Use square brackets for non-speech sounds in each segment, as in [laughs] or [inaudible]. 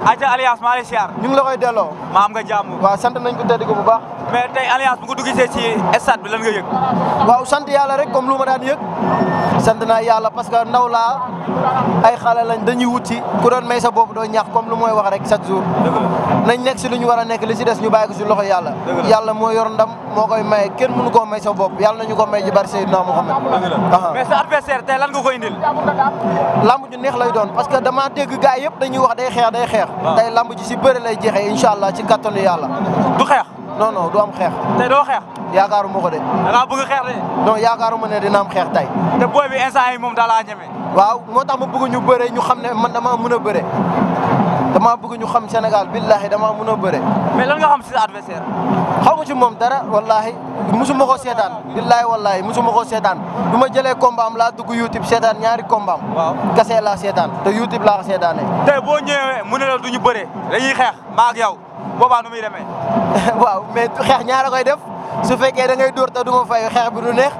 Aja Alliance maa ngi lay ñu la koy delloo. maa am nga jàmm. waaw sant nañ ko tedd ko bu baax. mais tey alliance bu ko duggisee ci stade bi lan nga yëg. waaw sant yàlla rek comme lu ma daan yëg sant naa yàlla parce que ndaw laa ay xale lañ dañuy wut ci ku doon may sa bopp doo ñaax comme lu mooy wax rek chaque jour. nañ nekk si lu ñu war a nekk li si des ñu bàyyi ko si loxo yàlla. yàlla moo yor ndam moo koy maye kenn mënu koo may sa bopp yàlla nañu ko may ci bari Seydina Muhammad. mais sa adversaire tey lan nga koy indil. lamb ju neex lay doon parce que dama dégg gars yëpp dañuy wax day xeex day xeex. Ah. tey lamb ji bëri lay jeexee incha allah ci kattanu yàlla xeex. non non du am xeex. tey doo xeex. yaakaaruma ko de. da ngaa bëgg de. non yaakaaruma ne di am xeex tey. te booy bi instant yi moom da laa ñeme. waaw moo tax ma bëgg ñu bëre ñu xam ne man dama mën a bëre. damaa bëgg ñu xam Sénégal billahi damaa mën a bëre. mais lan nga xam si sa adversaire. xaw ma ci moom dara wallahi musuma ko seetaan billahi wallahi musuma ko seetaan du ma jëlee combat laa dugg YouTube seetaan ñaari combat am. waaw kese laa seetaan te YouTube laa ko seetaanee. [laughs] tey boo ñëwee mu ne la du ñu bëre dañuy xeex maa ak yow boobaa nu muy demee. [laughs] waaw mais xeex ñaara koy def su fekkee da ngay dóor te du ma fayu xeex bi du neex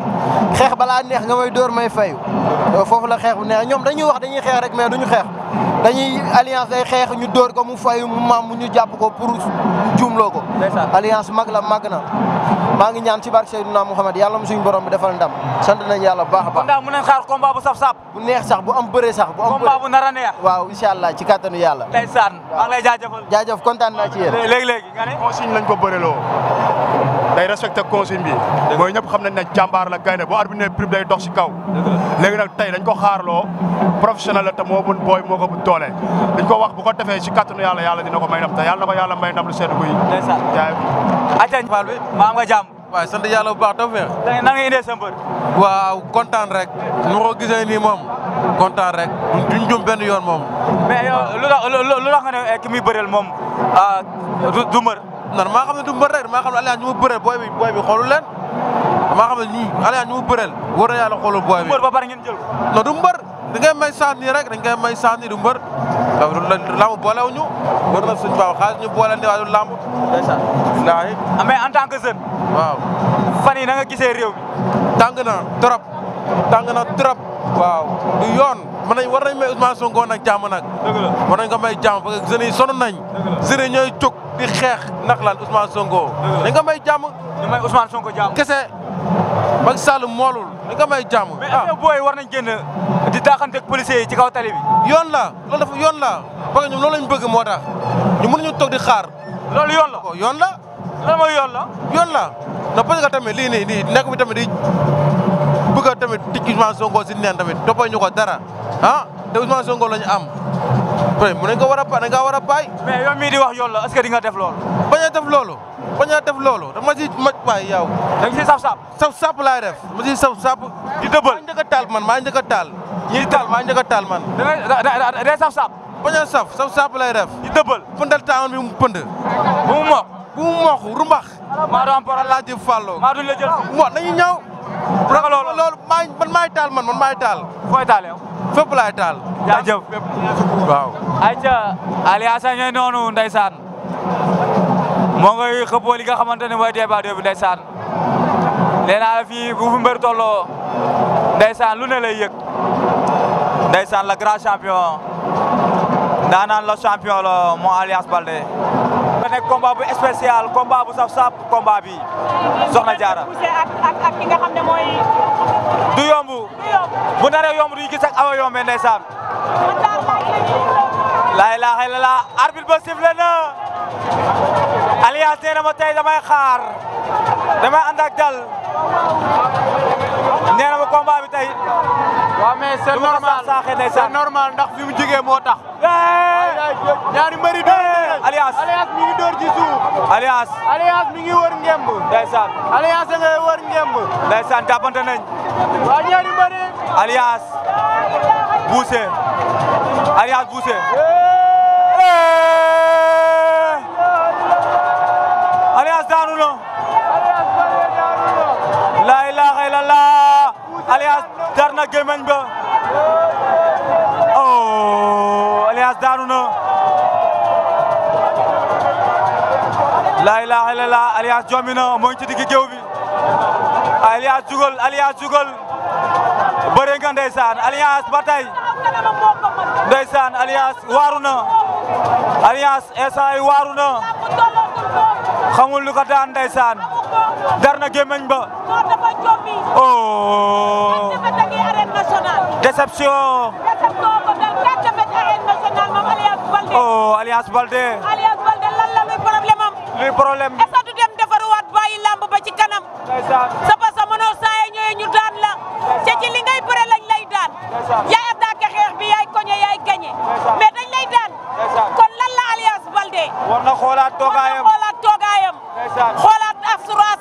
xeex balaa neex nga may door may fayu foofu la xeex bu neex ñoom wax dañuy xeex rek mais duñu dañuy alliance day xeex ñu dóor ko mu fay mu maam mu ñu jàpp ko pour juumloo ko. alliance mag la mag na maa ngi ñaan ci barke Seydina Mouhamed yàlla mu suñu borom bi defal ndam sant nañ yàlla bu baax a baax. kon daal mën nañ xaar combat bu saf-saf. bu neex sax bu am bëree sax. bu am bëree bu nar a neex. waaw incha allah ci kàttanu yàlla. ndeysaan maa ngi lay jaajëfal. jaajëf kontaan naa ci yéen. léegi léegi nga ne. consigne lañ ko bëreloo day respecté consigne bi. mooy ñëpp xam nañ na jàmbaar la gaynde boo arbitre bi ne prime day léegi nag tey dañ ko xaarloo professionnel la te moo mën booy moo ko doole dañ ko wax bu ko defee si kàttanu yàlla yàlla dina ko may ndam te yàlla na ko yàlla may ndam lu sedd guy. ndeysaan jaay aca Fall bi maa nga jàmm. bu baax taw feex. tey nan nga indee waaw kontaan rek. nu ko gisee nii kontaan rek duñ jum benn yoon moom. mais yow lu tax lu tax nga ne eh, ki muy bëreel moom ah, du mbër. non maa xam ne du mbër rek maa booy bi booy bi damaa xam ne ñii Alliance ñu mu bëreel war na yàlla xoolal booy bi. mbër ba pare ngeen jël ko. non du mbër da ngay may sant nii rek dañ koy may sant nii du mbër. waaw loolu la lamb boolewuñu war na suñu baax xaalis ñu boole ne waaye du lamb. ndeysaan. wallaahi. Ah, mais en tant que jeune. waaw. fan yii na nga gisee réew mi. na trop. tàng na trop. waaw du yoon. mën nañ war nañ may Ousmane Sonko nag jàmm nag. dëgg la war nañ ko may jàmm parce que jeunes yi sonn nañ. dëgg la jeunes yi di xeex ndax lan Ousmane Sonko. dëgg la dañ ko Macky Sall moolul li nga may jàmm. mais est booy war nañ génn di daaxante ak policiers ci kaw tali bi. yoon la loolu dafa yoon la parce que ñoom loolu bëgg moo tax ñu mënuñu toog di xaar. loolu yoon la yoon la. lan mooy yoon la. yoon la na parce que tamit lii nii nii nekk bi tamit di bëgg a tamit tij Ousmane Sonko si neen tamit toppoo ñu ko dara ah te Ousmane Sonko la am. peut être mën nañu ko war a pa da ngaa war a bàyyi. mii di wax yoon la est-ce que def loolu. bañ a def loolu bañ a def loolu dama si maj waay yow. da nga siy saf sap saf sap laay def ma siy saf sap. di dëbal maa njëkk a taal man maa njëkk a taal. ñiy taal maa njëkk a taal man. da ngay saf sap. bañ a saf saf sap laay def. di dëbal ma taawan bi mu pënd. bu mu mokk bu mu mokk rumbax. maa doon par la ji fàlloo. maa duñ la loolu loolu maa man taal man man taal. fooy taal yow. fépp laay taal. jaajëf waaw. moo ngay xëppoo li nga xamante ne mooy débat bi ndeysaan nee naa la fii bu fi mbër tolloo ndeysaan lu ne lay yëg ndeysaan la grand champion daanaan la champion la moo Alliance Baldé nekk combat bu spécial combat bu saf sap combat bi soxna jaara ak ki nga xam ne du yomb bu naree yomb du gis ak awa laa ilaaha illallaah arbitre ba sifflé na Diaz nee na ma ànd bi tey. waaw mais c'est normal c'est normal ndax fi mu jugee moo tax. ñaari mbëri door mi ngi door ci mi ngi wër ngemb. ndeysaan Alliance oh, daanu na laa ilaaha illallaah Alliance jommi na moo ngi ci digg géew bi Alliance jugal Alliance jugal bëri nga ndeysaan Alliance ba tey ndeysaan Alliance waaru na Alliance instant waaru na xamul lu ko daan ndeysaan gar na gémmañ ba. non dafa jommi. oh. arène nationale. déception. déception ko dal quatre défaites arène nationale moom Alliance Baldé. oh Alliance Baldé. Alliance Baldé lan la luy problème am. luy problème bi. est du dem defaruwaat bàyyi lamb ba ci kanam. sa parce que mënoo saa ñëwee ñu daan la. te ci li ngay bëre lañ lay daan. yaay attaqué xeex bi yaay koñe yaay gañe. mais dañ lay daan. kon lan la Alliance Baldé. war na xoolaat toogaayam war na xoolaat toogaayam.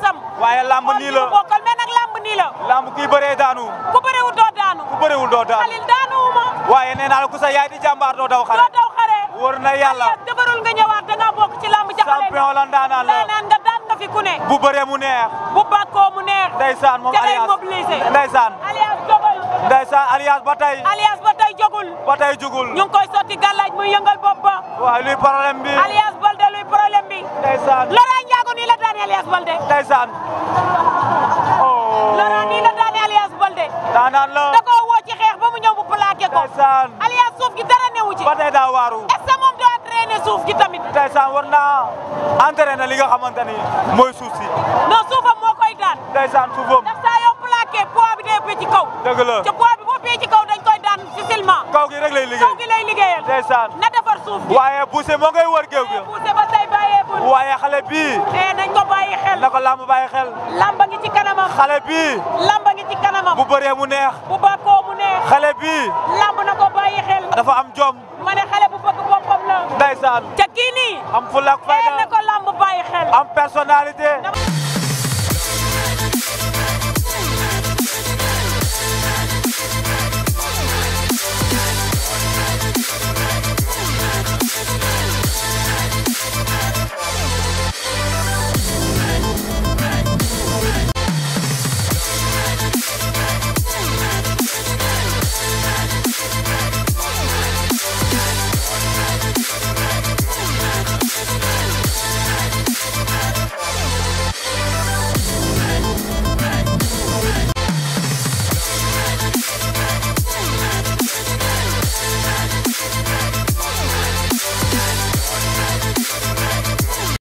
ndam waye lamb ni la bokal me nak lamb ni la lamb ki beure daanu ku beure wu do daanu ku beure wu do daanu xalil daanu ma waye neena la ku sa yaay di jambar do daw xare do daw xare wóor na yàlla dëgërul nga ñëwaat da nga bok ci lamb jaxale champion la daana la neena nga daan nga fi ku ne bu beure mu neex bu bako mu neex ndaysan mom alias mobilisé ndaysan alias jogol ndaysan alias ba tey alias ba tey jogul ba tey jugul ñu koy soti gàllaaj mu yëngal bop ba waaye luy problème bi alias balde luy problème bi ndaysan Alias Baldé. ndeysaan. Laurent oh. nii la daane Alias Baldé. daanaan la da woo ci xeex ba mu ñëw bu plaqué ko. ndeysaan suuf gi dara newu ci. ba tey daa waaru. est moom doo entraîner suuf gi tamit. ndeysaan war naa entraîner li nga xamante ni mooy suuf si. non suufam moo koy daan. ndeysaan suufam. ndax saa yoo plaqué poids bi day ci kaw. dëgg la te poids bi boo pee ci kaw dañ koy daan facilement. kaw gi rek lay liggéey kaw gi lay liggéeyal. ndeysaan na defar suuf gi. waaye poussé moo ngay wër géew gi. waaye xel na ko lamb bàyyi xel lamba ngi ci kanamam xale bi lamba ngi ci kanamam bu bëree mu neex bu bakkoo mu neex xale bi lamb na ko bàyyi xel dafa am jom ma ne xale bu bëgg boppam la ndeysaan ca kii nii am fu lak na ko lamb bàyyi xel am personnalité